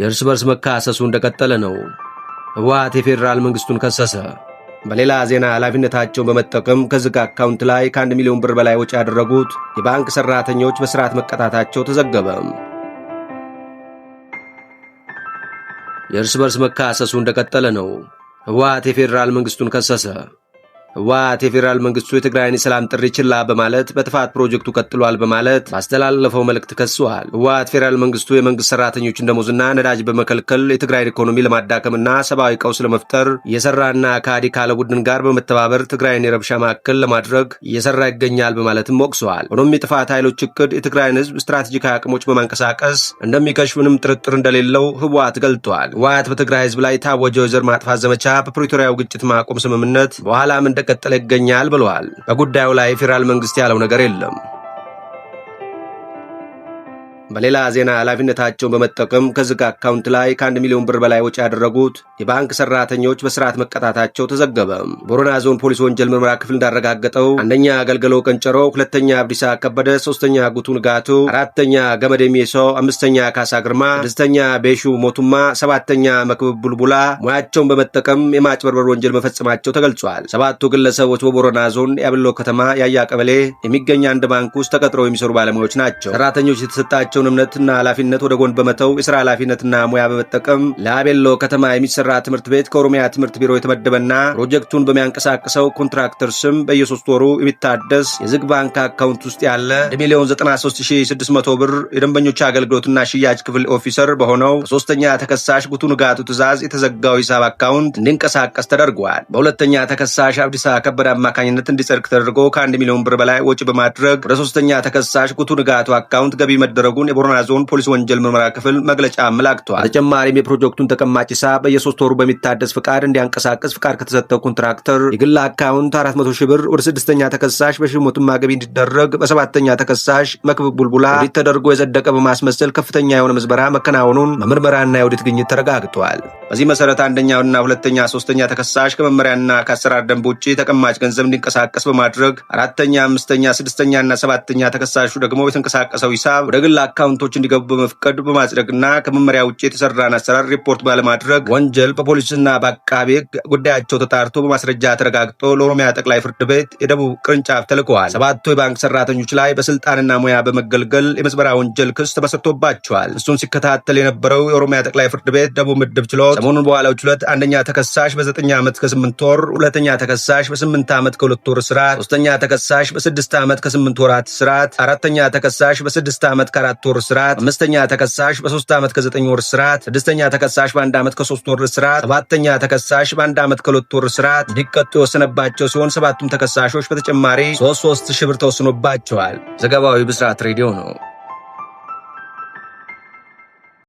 የእርስ በርስ መካሰሱ እንደቀጠለ ነው። ህወሓት የፌዴራል መንግስቱን ከሰሰ። በሌላ ዜና ኃላፊነታቸውን በመጠቀም ከዝግ አካውንት ላይ ከአንድ ሚሊዮን ብር በላይ ወጪ ያደረጉት የባንክ ሠራተኞች በሥርዓት መቀጣታቸው ተዘገበ። የእርስ በርስ መካሰሱ እንደቀጠለ ነው። ህወሓት የፌዴራል መንግስቱን ከሰሰ። ህወሓት የፌዴራል መንግስቱ የትግራይን የሰላም ጥሪ ችላ በማለት በጥፋት ፕሮጀክቱ ቀጥሏል በማለት ባስተላለፈው መልእክት ከሷል። ህወሓት ፌዴራል መንግስቱ የመንግስት ሰራተኞችን ደሞዝና ነዳጅ በመከልከል የትግራይን ኢኮኖሚ ለማዳከምና ሰብአዊ ቀውስ ለመፍጠር የሰራና ከአዲ ካለ ቡድን ጋር በመተባበር ትግራይን የረብሻ ማዕከል ለማድረግ እየሰራ ይገኛል በማለትም ወቅሰዋል። ሆኖም የጥፋት ኃይሎች እቅድ የትግራይን ህዝብ ስትራቴጂካዊ አቅሞች በማንቀሳቀስ እንደሚከሽፍ ምንም ጥርጥር እንደሌለው ህወሓት ገልጧል። ህወሓት በትግራይ ህዝብ ላይ የታወጀው የዘር ማጥፋት ዘመቻ በፕሪቶሪያው ግጭት ማቆም ስምምነት በኋላም እንደ እንደቀጠለ ይገኛል ብለዋል። በጉዳዩ ላይ ፌዴራል መንግስት ያለው ነገር የለም። በሌላ ዜና ኃላፊነታቸውን በመጠቀም ከዝግ አካውንት ላይ ከአንድ ሚሊዮን ብር በላይ ወጪ ያደረጉት የባንክ ሰራተኞች በስርዓት መቀጣታቸው ተዘገበ። ቦረና ዞን ፖሊስ ወንጀል ምርመራ ክፍል እንዳረጋገጠው አንደኛ አገልግሎ ቀንጨሮ፣ ሁለተኛ አብዲሳ ከበደ፣ ሶስተኛ ጉቱ ንጋቱ፣ አራተኛ ገመድ የሚሶ፣ አምስተኛ ካሳ ግርማ፣ ስድስተኛ ቤሹ ሞቱማ፣ ሰባተኛ መክብብ ቡልቡላ ሙያቸውን በመጠቀም የማጭበርበር ወንጀል መፈጸማቸው ተገልጿል። ሰባቱ ግለሰቦች በቦረና ዞን የአብሎ ከተማ ያያ ቀበሌ የሚገኝ አንድ ባንክ ውስጥ ተቀጥረው የሚሰሩ ባለሙያዎች ናቸው። ሰራተኞች የተሰጣቸው ያለውን እምነትና ኃላፊነት ወደ ጎን በመተው የሥራ ኃላፊነትና ሙያ በመጠቀም ለአቤሎ ከተማ የሚሰራ ትምህርት ቤት ከኦሮሚያ ትምህርት ቢሮ የተመደበና ፕሮጀክቱን በሚያንቀሳቅሰው ኮንትራክተር ስም በየሶስት ወሩ የሚታደስ የዝግ ባንክ አካውንት ውስጥ ያለ ሚሊዮን 93600 ብር የደንበኞች አገልግሎትና ሽያጭ ክፍል ኦፊሰር በሆነው በሶስተኛ ተከሳሽ ጉቱ ንጋቱ ትዕዛዝ የተዘጋው ሂሳብ አካውንት እንዲንቀሳቀስ ተደርጓል። በሁለተኛ ተከሳሽ አብዲሳ ከበደ አማካኝነት እንዲጸድቅ ተደርጎ ከአንድ ሚሊዮን ብር በላይ ወጪ በማድረግ ወደ ሶስተኛ ተከሳሽ ጉቱ ንጋቱ አካውንት ገቢ መደረጉን ቦረና ዞን ፖሊስ ወንጀል ምርመራ ክፍል መግለጫ አመላክቷል። በተጨማሪም የፕሮጀክቱን ተቀማጭ ሳ በየሶስት ወሩ በሚታደስ ፍቃድ እንዲያንቀሳቀስ ፍቃድ ከተሰጠው ኮንትራክተር የግል አካውንት 400 ሺህ ብር ወደ ስድስተኛ ተከሳሽ በሽሞቱ ማገቢ እንዲደረግ በሰባተኛ ተከሳሽ መክብብ ቡልቡላ ኦዲት ተደርጎ የጸደቀ በማስመሰል ከፍተኛ የሆነ ምዝበራ መከናወኑን በምርመራና የኦዲት ግኝት ተረጋግጧል። በዚህ መሰረት አንደኛውና ሁለተኛ፣ ሶስተኛ ተከሳሽ ከመመሪያና ከአሰራር ደንብ ውጭ ተቀማጭ ገንዘብ እንዲንቀሳቀስ በማድረግ አራተኛ፣ አምስተኛ፣ ስድስተኛና ሰባተኛ ተከሳሹ ደግሞ የተንቀሳቀሰው ሂሳብ ወደ ግል አካውንቶች እንዲገቡ በመፍቀድ በማጽደቅና ከመመሪያ ውጭ የተሰራን አሰራር ሪፖርት ባለማድረግ ወንጀል በፖሊስና በአቃቤ ሕግ ጉዳያቸው ተጣርቶ በማስረጃ ተረጋግጦ ለኦሮሚያ ጠቅላይ ፍርድ ቤት የደቡብ ቅርንጫፍ ተልከዋል። ሰባቱ የባንክ ሰራተኞች ላይ በስልጣንና ሙያ በመገልገል የምዝበራ ወንጀል ክስ ተመስርቶባቸዋል። እሱን ሲከታተል የነበረው የኦሮሚያ ጠቅላይ ፍርድ ቤት ደቡብ ምድብ ችሎት ሰሞኑን በዋለው ችሎት አንደኛ ተከሳሽ በዘጠኝ ዓመት ከስምንት ወር፣ ሁለተኛ ተከሳሽ በስምንት ዓመት ከሁለት ወር እስራት፣ ሶስተኛ ተከሳሽ በስድስት ዓመት ከስምንት ወራት እስራት፣ አራተኛ ተከሳሽ በስድስት ዓመት ከአራት በአራት ወር ስርዓት፣ አምስተኛ ተከሳሽ በሶስት ዓመት ከዘጠኝ ወር ስራት ስድስተኛ ተከሳሽ በአንድ ዓመት ከሶስት ወር ስራት ሰባተኛ ተከሳሽ በአንድ ዓመት ከሁለት ወር ስራት እንዲቀጡ የወሰነባቸው ሲሆን ሰባቱም ተከሳሾች በተጨማሪ ሶስት ሶስት ሺህ ብር ተወስኖባቸዋል። ዘገባዊ ብስራት ሬዲዮ ነው።